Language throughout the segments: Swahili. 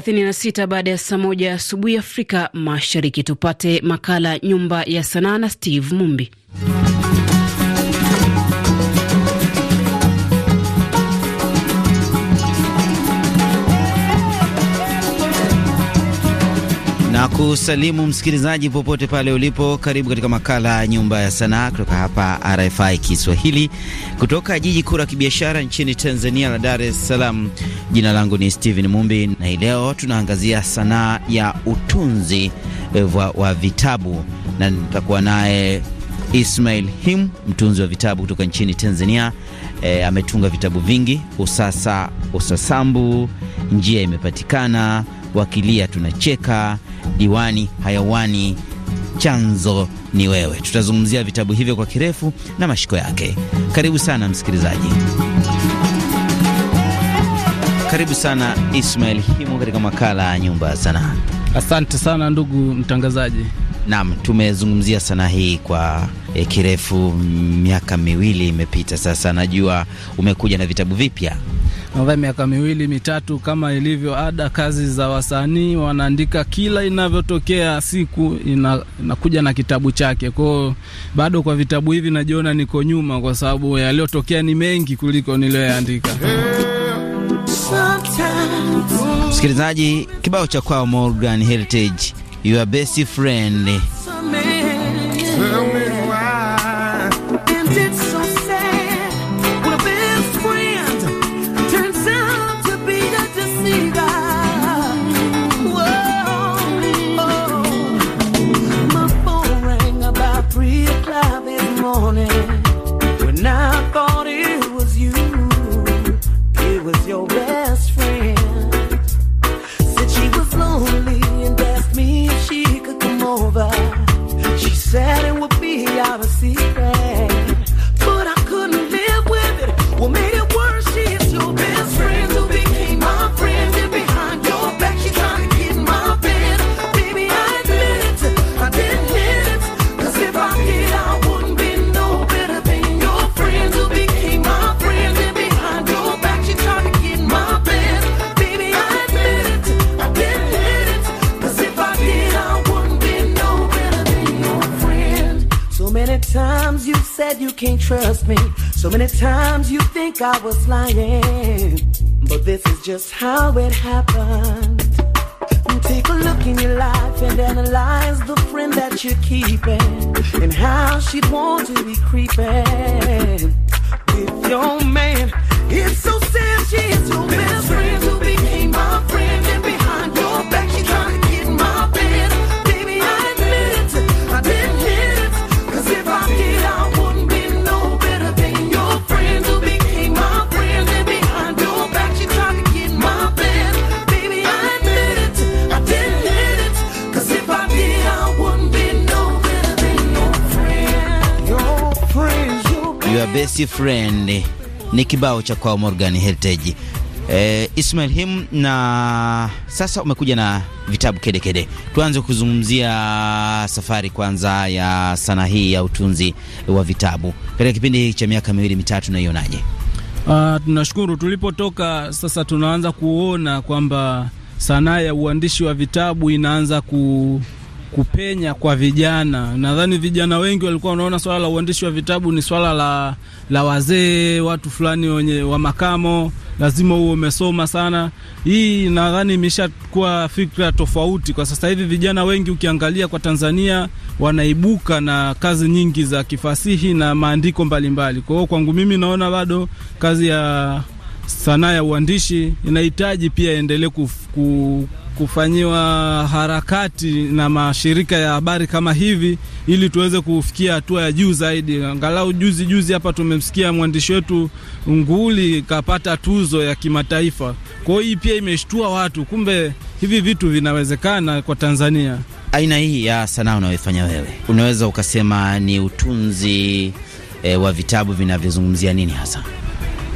36 baada ya saa moja asubuhi Afrika Mashariki, tupate makala Nyumba ya Sanaa na Steve Mumbi. na kusalimu msikilizaji popote pale ulipo. Karibu katika makala ya Nyumba ya Sanaa kutoka hapa RFI Kiswahili, kutoka jiji kuu la kibiashara nchini Tanzania la Dar es Salaam. Jina langu ni Steven Mumbi, na hii leo tunaangazia sanaa ya utunzi e, wa, wa vitabu na nitakuwa naye Ismail Him, mtunzi wa vitabu kutoka nchini Tanzania. E, ametunga vitabu vingi: Usasa, Usasambu, Njia Imepatikana, wakilia tunacheka, diwani hayawani, chanzo ni wewe. Tutazungumzia vitabu hivyo kwa kirefu na mashiko yake. Karibu sana msikilizaji. Karibu sana Ismail Himo katika makala ya Nyumba ya Sanaa. Asante sana ndugu mtangazaji. Naam, tumezungumzia sanaa hii kwa e, kirefu. Miaka miwili imepita sasa. Najua umekuja na vitabu vipya nadhani miaka miwili mitatu, kama ilivyo ada, kazi za wasanii wanaandika kila inavyotokea siku ina, inakuja na kitabu chake. Kwao bado kwa vitabu hivi najiona niko nyuma, kwa sababu yaliyotokea ni mengi kuliko niliyoyaandika. Msikilizaji, kibao cha kwao Morgan Heritage, your best friend So many times you think I was lying, but this is just how it happened. Take a look in your life and analyze the friend that you're keeping and how she'd want to be creeping with your man. It's so sad she's your best friend to be. Best Friend ni kibao cha kwa Morgan Heritage. Eh, Ismail Him na sasa umekuja na vitabu kedekede. Tuanze kuzungumzia safari kwanza ya sanaa hii ya utunzi wa vitabu katika kipindi hiki cha miaka miwili mitatu, naionaje? Uh, tunashukuru tulipotoka sasa, tunaanza kuona kwamba sanaa ya uandishi wa vitabu inaanza ku kupenya kwa vijana. Nadhani vijana wengi walikuwa wanaona swala la uandishi wa vitabu ni swala la, la wazee, watu fulani wenye wa makamo, lazima huo umesoma sana. Hii nadhani imeshakuwa fikra tofauti kwa sasa hivi. Vijana wengi ukiangalia kwa Tanzania wanaibuka na kazi nyingi za kifasihi na maandiko mbalimbali. Kwa hiyo kwangu mimi naona bado kazi ya sanaa ya uandishi inahitaji pia endelee kufanyiwa harakati na mashirika ya habari kama hivi, ili tuweze kufikia hatua ya juu zaidi. Angalau juzi juzi hapa tumemsikia mwandishi wetu Nguli kapata tuzo ya kimataifa. Kwa hiyo hii pia imeshtua watu, kumbe hivi vitu vinawezekana kwa Tanzania. Aina hii ya sanaa unayoifanya wewe, unaweza ukasema ni utunzi e, wa vitabu vinavyozungumzia nini hasa?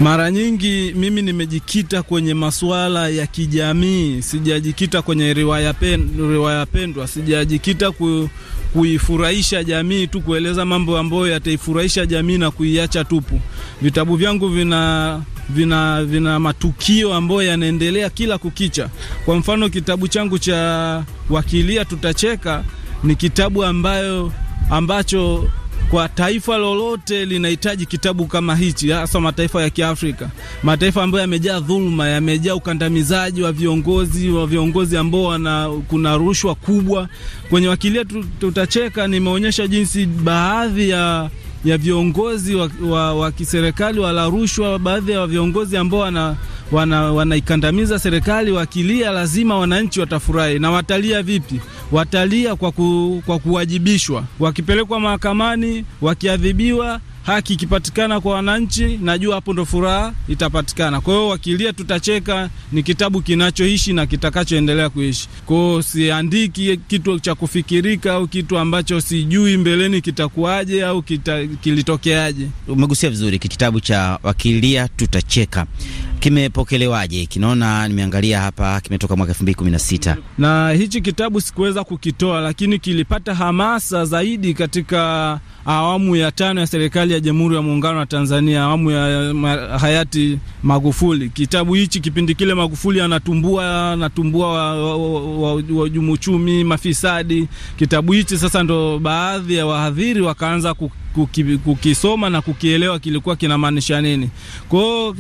Mara nyingi mimi nimejikita kwenye masuala ya kijamii, sijajikita kwenye riwaya pendwa, riwaya pendwa sijajikita ku, kuifurahisha jamii tu, kueleza mambo ambayo yataifurahisha jamii na kuiacha tupu. Vitabu vyangu vina vina vina matukio ambayo yanaendelea kila kukicha. Kwa mfano, kitabu changu cha Wakilia Tutacheka ni kitabu ambayo ambacho kwa taifa lolote linahitaji kitabu kama hichi, hasa mataifa ya Kiafrika, mataifa ambayo yamejaa dhuluma, yamejaa ukandamizaji wa viongozi wa viongozi ambao wana kuna rushwa kubwa. Kwenye wakilia tutacheka, nimeonyesha jinsi baadhi ya ya viongozi wa, wa, wa kiserikali wala rushwa. Baadhi ya viongozi ambao wana wanaikandamiza wana serikali wakilia, lazima wananchi watafurahi. Na watalia vipi? Watalia kwa, ku, kwa kuwajibishwa, wakipelekwa mahakamani, wakiadhibiwa haki ikipatikana kwa wananchi, najua hapo ndo furaha itapatikana. Kwa hiyo wakilia, tutacheka. Ni kitabu kinachoishi na kitakachoendelea kuishi. Kwao siandiki kitu cha kufikirika au kitu ambacho sijui mbeleni kitakuwaje au kita, kilitokeaje. Umegusia vizuri kitabu cha wakilia tutacheka kimepokelewaje? Kinaona, nimeangalia hapa, kimetoka mwaka elfu mbili kumi na sita na hichi kitabu sikuweza kukitoa, lakini kilipata hamasa zaidi katika awamu ya tano ya serikali ya Jamhuri ya Muungano wa Tanzania, awamu ya hayati Magufuli. Kitabu hichi kipindi kile Magufuli anatumbua anatumbua wahujumu uchumi, mafisadi. Kitabu hichi sasa ndo baadhi ya wahadhiri wakaanza kukisoma na kukielewa kilikuwa kinamaanisha nini kwao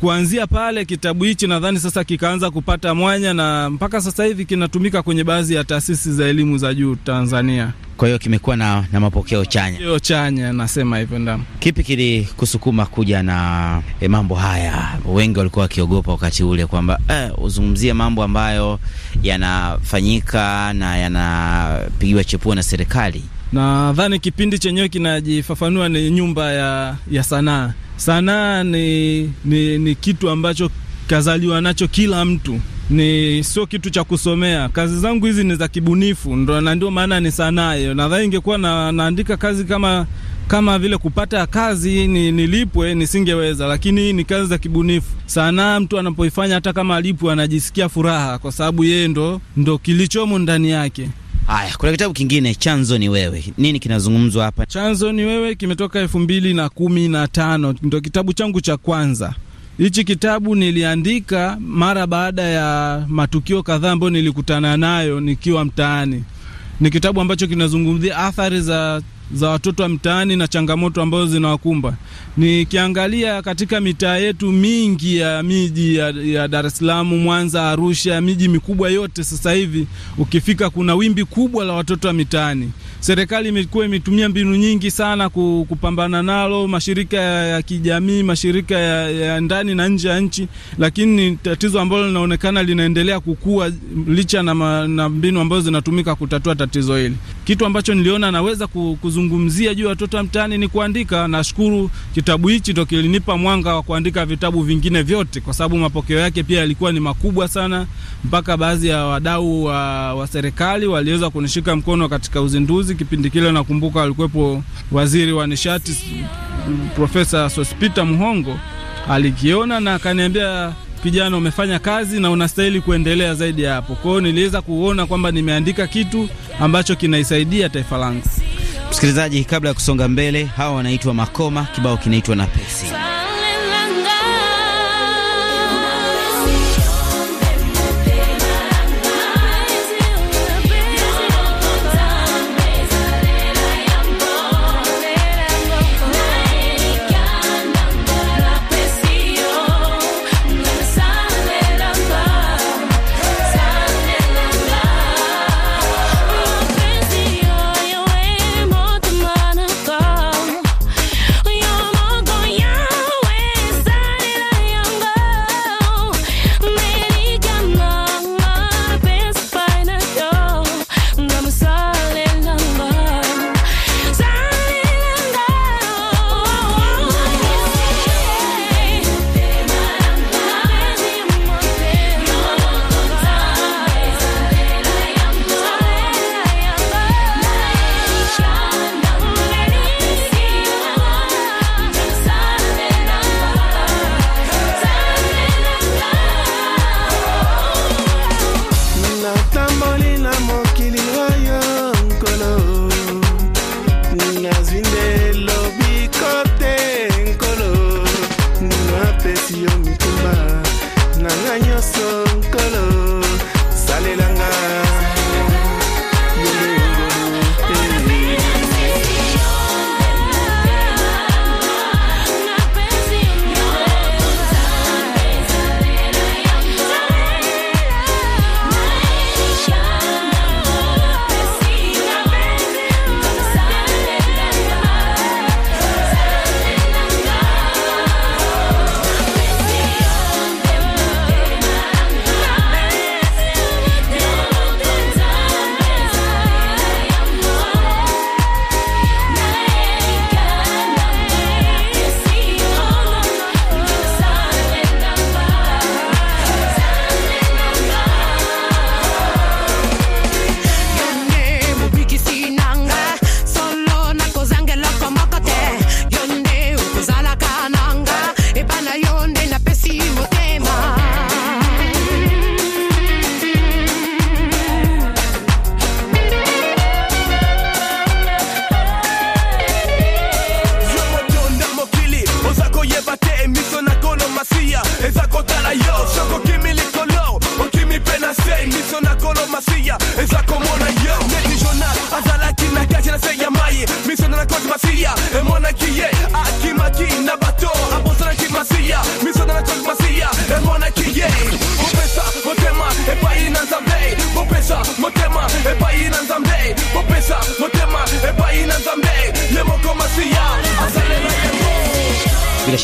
kuanzia pale kitabu hichi nadhani sasa kikaanza kupata mwanya na mpaka sasa hivi kinatumika kwenye baadhi ya taasisi za elimu za juu Tanzania. Kwa hiyo kimekuwa na, na mapokeo chanya. Mapokeo chanya nasema hivyo ndamu. Kipi kilikusukuma kuja na e, mambo haya? Wengi walikuwa wakiogopa wakati ule kwamba eh, uzungumzie mambo ambayo yanafanyika na yanapigiwa chepua na serikali Nadhani kipindi chenyewe kinajifafanua ni nyumba ya, ya sanaa. Sanaa ni, ni, ni kitu ambacho kazaliwa nacho kila mtu, ni sio kitu cha kusomea. Kazi zangu hizi ni za kibunifu, na ndio maana ni sanaa hiyo. Nadhani ingekuwa na, naandika kazi kama kama vile kupata kazi ni nilipwe nisingeweza, lakini hii ni kazi za kibunifu. Sanaa mtu anapoifanya, hata kama alipwe, anajisikia furaha, kwa sababu yeye ndo, ndo kilichomo ndani yake. Haya, kuna kitabu kingine chanzo ni wewe. Nini kinazungumzwa hapa? Chanzo ni wewe kimetoka elfu mbili na kumi na tano ndio kitabu changu cha kwanza. Hichi kitabu niliandika mara baada ya matukio kadhaa ambayo nilikutana nayo nikiwa mtaani. Ni kitabu ambacho kinazungumzia athari za za watoto wa mtaani na changamoto ambazo zinawakumba. Nikiangalia katika mitaa yetu mingi ya miji ya, ya Dar es Salaam, Mwanza, Arusha, miji mikubwa yote sasa hivi ukifika, kuna wimbi kubwa la watoto wa mitaani. Serikali imekuwa imetumia mbinu nyingi sana kupambana nalo, mashirika ya kijamii, mashirika ya, ya ndani na nje ya nchi, lakini tatizo ambalo linaonekana linaendelea kukua licha na, ma, na mbinu ambazo zinatumika kutatua tatizo hili. Kitu ambacho niliona naweza kuzungumzia juu ya watoto wa mtaani ni kuandika. Nashukuru kitabu hichi ndo kilinipa mwanga wa kuandika vitabu vingine vyote, kwa sababu mapokeo yake pia yalikuwa ni makubwa sana, mpaka baadhi ya wadau wa, wa serikali waliweza kunishika mkono katika uzinduzi. Kipindi kile nakumbuka alikuwepo waziri wa nishati Profesa Sospeter Muhongo alikiona na akaniambia kijana, umefanya kazi na unastahili kuendelea zaidi ya hapo. Kwa hiyo niliweza kuona kwamba nimeandika kitu ambacho kinaisaidia taifa langu. Msikilizaji, kabla ya kusonga mbele, hawa wanaitwa Makoma, kibao kinaitwa na pesi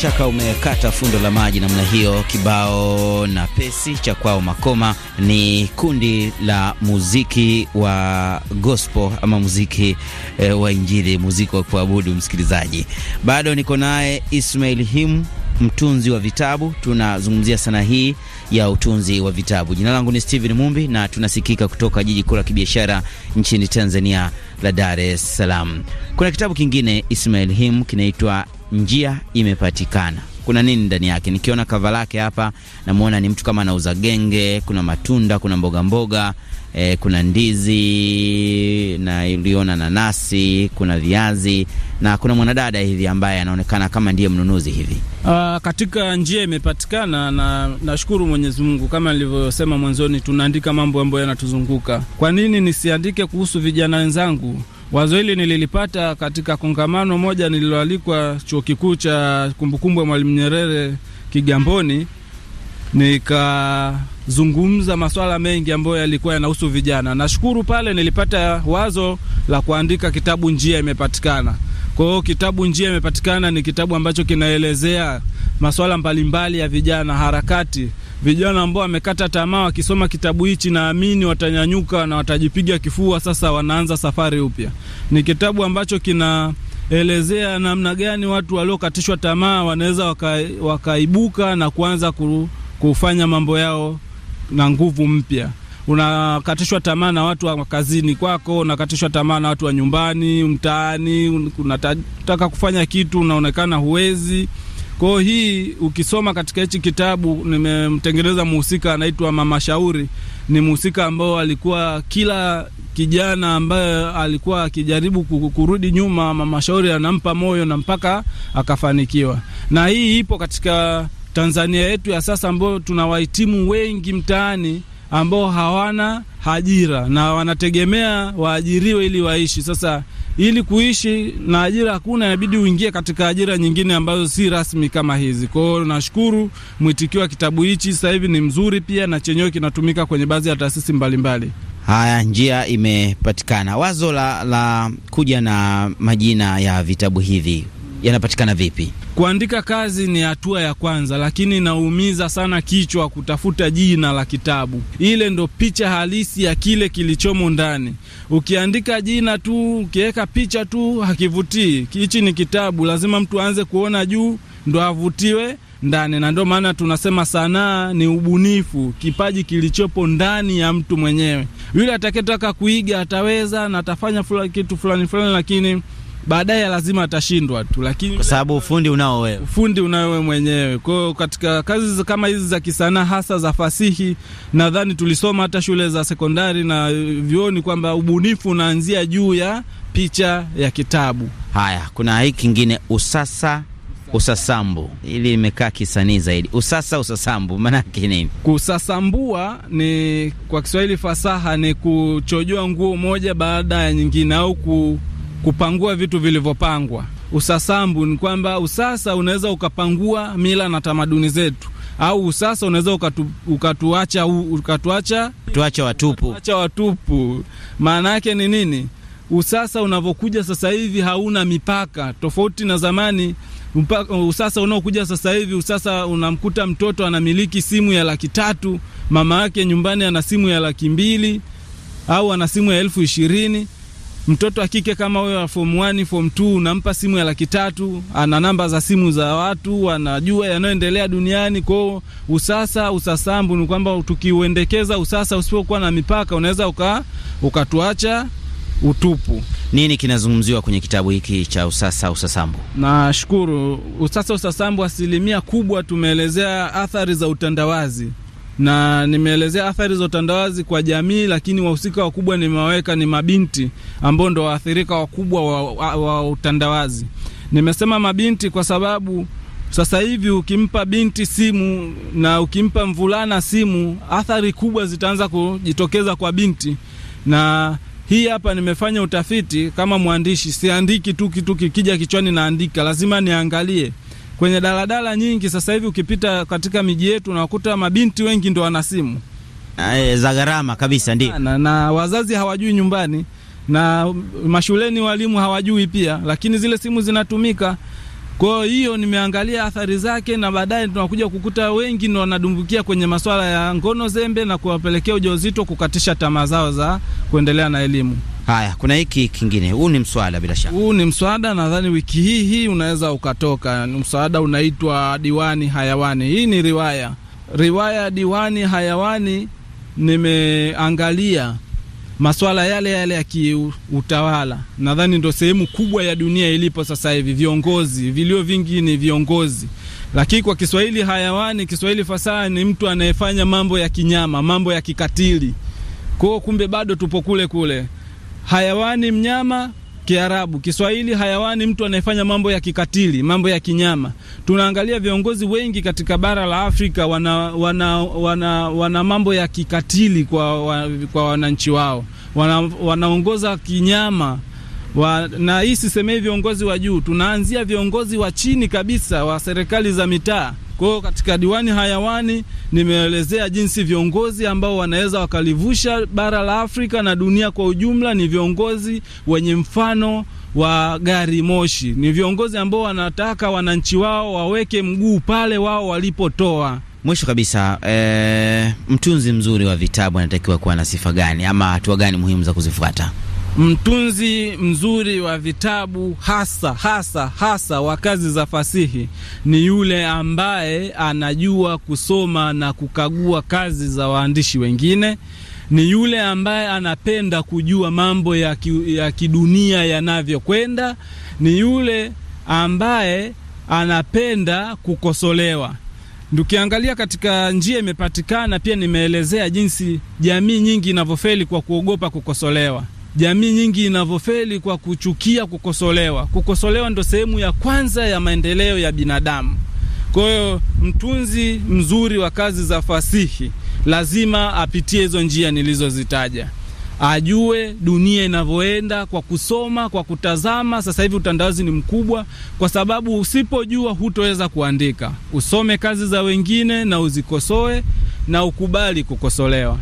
shaka umekata fundo la maji namna hiyo. Kibao na pesi cha kwao Makoma ni kundi la muziki wa gospel ama muziki e, wa Injili, muziki wa kuabudu. Msikilizaji, bado niko naye Ismail Him, mtunzi wa vitabu. Tunazungumzia sana hii ya utunzi wa vitabu. Jina langu ni Steven Mumbi na tunasikika kutoka jiji kuu la kibiashara nchini Tanzania la Dar es Salaam. Kuna kitabu kingine Ismail Him kinaitwa njia imepatikana. Kuna nini ndani yake? Nikiona kava lake hapa, namwona ni mtu kama anauza genge, kuna matunda, kuna mboga mboga E, kuna ndizi na iliona nanasi, kuna viazi na kuna mwanadada hivi ambaye anaonekana kama ndiye mnunuzi hivi. Aa, ah, katika njia imepatikana, na nashukuru Mwenyezi Mungu. Kama nilivyosema mwanzoni, tunaandika mambo ambayo yanatuzunguka. Kwa nini nisiandike kuhusu vijana wenzangu? Wazo hili nililipata katika kongamano moja nililoalikwa chuo kikuu cha kumbukumbu ya Mwalimu Nyerere Kigamboni. Nikazungumza maswala mengi ambayo yalikuwa yanahusu vijana. Nashukuru pale nilipata wazo la kuandika kitabu Njia Imepatikana. Kwa hiyo kitabu Njia Imepatikana ni kitabu ambacho kinaelezea maswala mbalimbali ya vijana, harakati vijana ambao wamekata tamaa wakisoma kitabu hichi, naamini watanyanyuka na watajipiga kifua. Sasa wanaanza safari upya. Ni kitabu ambacho kinaelezea namna gani watu waliokatishwa tamaa wanaweza waka, wakaibuka na kuanza kufanya mambo yao na nguvu mpya. Unakatishwa tamaa na watu wa kazini kwako, unakatishwa tamaa na watu wa nyumbani, mtaani, unataka kufanya kitu unaonekana huwezi kwa hiyo hii ukisoma katika hichi kitabu, nimemtengeneza mhusika anaitwa Mama Shauri. Ni mhusika ambao alikuwa kila kijana ambaye alikuwa akijaribu kurudi nyuma, Mama Shauri anampa moyo na mpaka akafanikiwa, na hii ipo katika Tanzania yetu ya sasa ambayo tuna wahitimu wengi mtaani ambao hawana ajira na wanategemea waajiriwe ili waishi. Sasa ili kuishi na ajira hakuna, inabidi uingie katika ajira nyingine ambazo si rasmi kama hizi. Kwa hiyo nashukuru mwitikio wa kitabu hichi sasa hivi ni mzuri pia, na chenyewe kinatumika kwenye baadhi ya taasisi mbalimbali. Haya, njia imepatikana. Wazo la, la kuja na majina ya vitabu hivi yanapatikana vipi? Kuandika kazi ni hatua ya kwanza, lakini naumiza sana kichwa kutafuta jina la kitabu. Ile ndo picha halisi ya kile kilichomo ndani. Ukiandika jina tu, ukiweka picha tu, hakivutii. Hichi ni kitabu, lazima mtu aanze kuona juu ndo avutiwe ndani na ndio maana tunasema sanaa ni ubunifu, kipaji kilichopo ndani ya mtu mwenyewe. Yule atakayetaka kuiga ataweza na atafanya fula, kitu fulani fulani, lakini baadaye lazima atashindwa tu, lakini kwa sababu ufundi unao wewe, ufundi unao wewe mwenyewe. Kwa hiyo katika kazi kama hizi za kisanaa, hasa za fasihi, nadhani tulisoma hata shule za sekondari na vyuoni kwamba ubunifu unaanzia juu ya picha ya kitabu. Haya, kuna hii kingine usasa usasambu ili imekaa kisanii zaidi. Usasa usasambu maana yake nini? Kusasambua ni kwa Kiswahili fasaha ni kuchojoa nguo moja baada ya nyingine au ku kupangua vitu vilivyopangwa. Usasambu ni kwamba usasa unaweza ukapangua mila na tamaduni zetu, au usasa unaweza ukatu, ukatuacha ukatuacha tuacha watupu, watupu. Maana yake ni nini? Usasa unavyokuja sasa hivi hauna mipaka, tofauti na zamani. Usasa unaokuja sasa hivi, usasa unamkuta mtoto anamiliki simu ya laki tatu, mama yake nyumbani ana simu ya laki mbili au ana simu ya elfu ishirini mtoto wa kike kama huyo wa form 1 form 2, unampa simu ya laki tatu, ana namba za simu za watu, anajua yanayoendelea duniani. Kwao usasa usasambu ni kwamba tukiuendekeza usasa usipokuwa na mipaka unaweza uka, ukatuacha utupu. Nini kinazungumziwa kwenye kitabu hiki cha usasa usasambu? Nashukuru. Usasa usasambu asilimia kubwa tumeelezea athari za utandawazi na nimeelezea athari za utandawazi kwa jamii, lakini wahusika wakubwa nimewaweka ni mabinti ambao ndo waathirika wakubwa wa, wa, wa utandawazi. Nimesema mabinti kwa sababu sasa hivi ukimpa binti simu na ukimpa mvulana simu, athari kubwa zitaanza kujitokeza kwa binti. Na hii hapa nimefanya utafiti kama mwandishi, siandiki tu kitu kikija kichwani, naandika, lazima niangalie kwenye daladala nyingi sasa hivi ukipita katika miji yetu unakuta mabinti wengi ndo wana simu za gharama kabisa, ndio na, na wazazi hawajui nyumbani, na mashuleni walimu hawajui pia, lakini zile simu zinatumika. Kwa hiyo nimeangalia athari zake, na baadaye tunakuja kukuta wengi ndo wanadumbukia kwenye masuala ya ngono zembe na kuwapelekea ujauzito, kukatisha tamaa zao za kuendelea na elimu. Haya, kuna hiki kingine, huu ni mswada bila shaka, huu ni mswada nadhani wiki hii hii unaweza ukatoka. Mswada unaitwa diwani hayawani, hii ni riwaya riwaya diwani hayawani. Nimeangalia maswala yale yale ya kiutawala, nadhani ndo sehemu kubwa ya dunia ilipo sasa hivi. Viongozi, vilio vingi ni viongozi, lakini kwa Kiswahili hayawani, Kiswahili fasaha ni mtu anayefanya mambo ya kinyama, mambo ya kikatili. Kwao kumbe bado tupo kule kule hayawani mnyama Kiarabu, Kiswahili hayawani mtu anayefanya mambo ya kikatili, mambo ya kinyama. Tunaangalia viongozi wengi katika bara la Afrika wana, wana, wana, wana mambo ya kikatili kwa, wa, kwa wananchi wao wana, wanaongoza kinyama wa, na hii sisemei viongozi wa juu, tunaanzia viongozi wa chini kabisa wa serikali za mitaa kwa hiyo katika diwani hayawani nimeelezea jinsi viongozi ambao wanaweza wakalivusha bara la Afrika na dunia kwa ujumla ni viongozi wenye mfano wa gari moshi. Ni viongozi ambao wanataka wananchi wao waweke mguu pale wao walipotoa. Mwisho kabisa, e, mtunzi mzuri wa vitabu anatakiwa kuwa na sifa gani ama hatua gani muhimu za kuzifuata? Mtunzi mzuri wa vitabu hasa hasa hasa wa kazi za fasihi ni yule ambaye anajua kusoma na kukagua kazi za waandishi wengine, ni yule ambaye anapenda kujua mambo ya, ki, ya kidunia yanavyokwenda, ni yule ambaye anapenda kukosolewa. Tukiangalia katika njia imepatikana, pia nimeelezea jinsi jamii nyingi inavyofeli kwa kuogopa kukosolewa jamii nyingi inavyofeli kwa kuchukia kukosolewa. Kukosolewa ndo sehemu ya kwanza ya maendeleo ya binadamu. Kwa hiyo mtunzi mzuri wa kazi za fasihi lazima apitie hizo njia nilizozitaja, ajue dunia inavyoenda kwa kusoma, kwa kutazama. Sasa hivi utandawazi ni mkubwa, kwa sababu usipojua hutoweza kuandika. Usome kazi za wengine na uzikosoe na ukubali kukosolewa.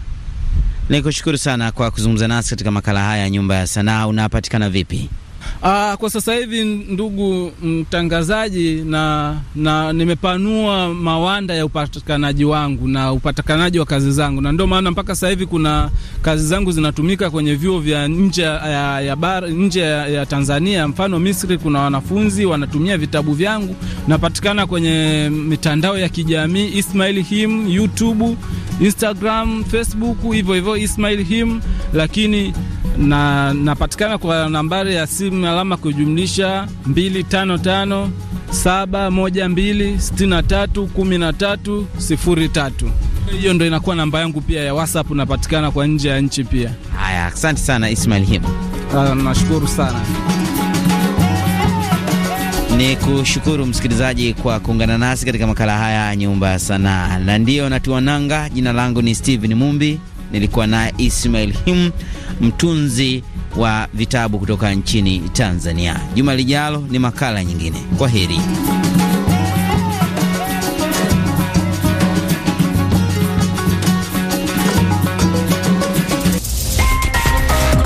Nikushukuru sana kwa kuzungumza nasi katika makala haya ya Nyumba ya Sanaa. Unapatikana vipi? Aa, ah, kwa sasa hivi ndugu mtangazaji, na, na nimepanua mawanda ya upatikanaji wangu na upatikanaji wa kazi zangu, na ndio maana mpaka sasa hivi kuna kazi zangu zinatumika kwenye vyuo vya nje ya, ya, bar, nje ya, ya Tanzania. Mfano Misri kuna wanafunzi wanatumia vitabu vyangu, napatikana kwenye mitandao ya kijamii Ismail Him, YouTube, Instagram, Facebook, hivyo hivyo Ismail Him, lakini na napatikana kwa nambari ya simu alama kujumlisha 255712631303. Hiyo ndo inakuwa namba yangu pia ya WhatsApp, napatikana kwa nje ya nchi pia. Haya, asante sana Ismail Hima. Uh, nashukuru sana ni kushukuru msikilizaji kwa kuungana nasi katika makala haya ya Nyumba ya Sanaa, na ndiyo natuananga. Jina langu ni Steven Mumbi nilikuwa naye Ismail Him, mtunzi wa vitabu kutoka nchini Tanzania. Juma lijalo ni makala nyingine. Kwa heri.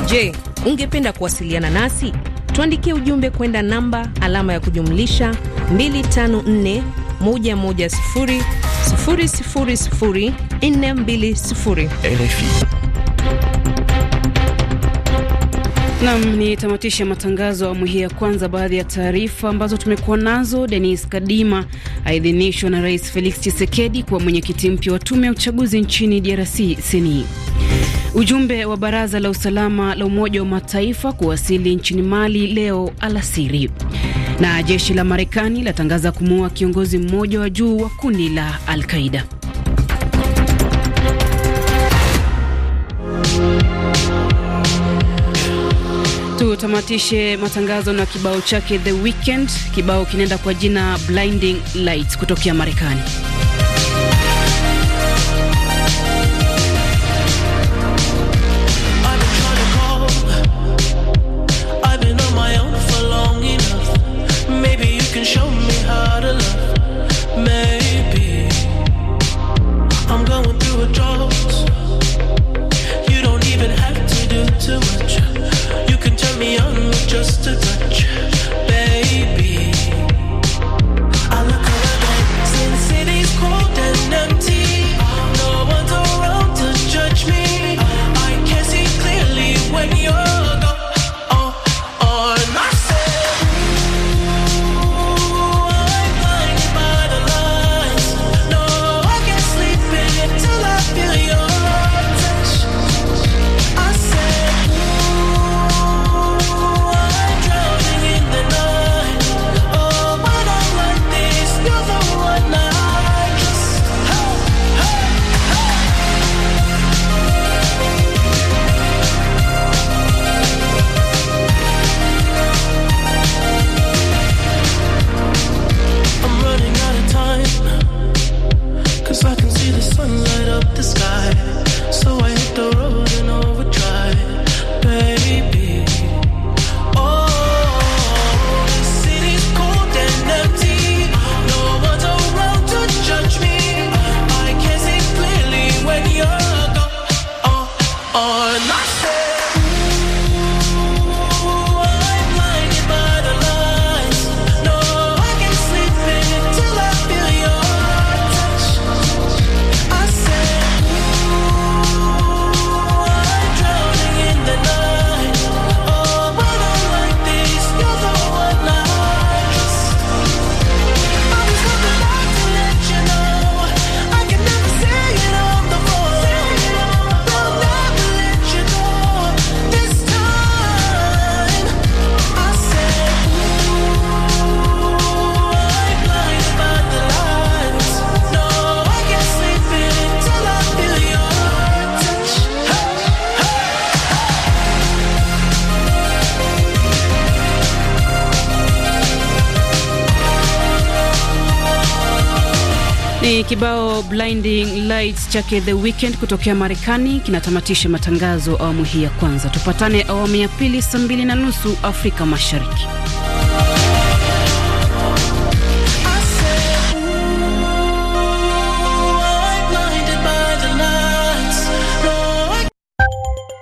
Je, ungependa kuwasiliana nasi? Tuandikie ujumbe kwenda namba alama ya kujumlisha 254 110 000 420 RFI. Nam ni tamatisha matangazo awamu hii ya kwanza. Baadhi ya taarifa ambazo tumekuwa nazo: Denis Kadima aidhinishwa na Rais Felix chisekedi kuwa mwenyekiti mpya wa tume ya uchaguzi nchini DRC seni Ujumbe wa Baraza la Usalama la Umoja wa Mataifa kuwasili nchini Mali leo alasiri, na jeshi la Marekani latangaza kumuua kiongozi mmoja wa juu wa kundi la Al Qaida. Tutamatishe matangazo na kibao chake The Weekend. Kibao kinaenda kwa jina Blinding Lights kutokea Marekani. Ni kibao blinding lights chake The Weekend kutokea Marekani kinatamatisha matangazo awamu hii ya kwanza. Tupatane awamu ya pili saa mbili na nusu Afrika Mashariki.